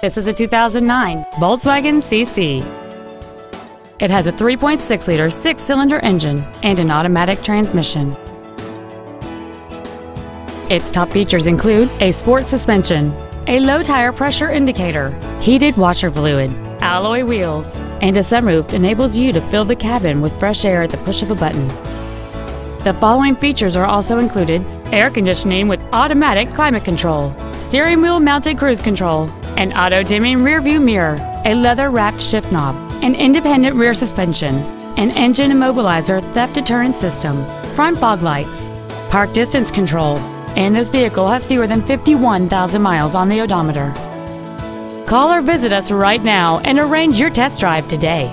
This is a 2009 Volkswagen CC. It has a 3.6-liter six-cylinder engine and an automatic transmission. Its top features include a sport suspension, a low tire pressure indicator, heated washer fluid, alloy wheels, and a sunroof enables you to fill the cabin with fresh air at the push of a button. The following features are also included air conditioning with automatic climate control, steering wheel mounted cruise control, an auto-dimming rearview mirror, a leather-wrapped shift knob, an independent rear suspension, an engine immobilizer theft deterrent system, front fog lights, park distance control, and this vehicle has fewer than 51,000 miles on the odometer. Call or visit us right now and arrange your test drive today.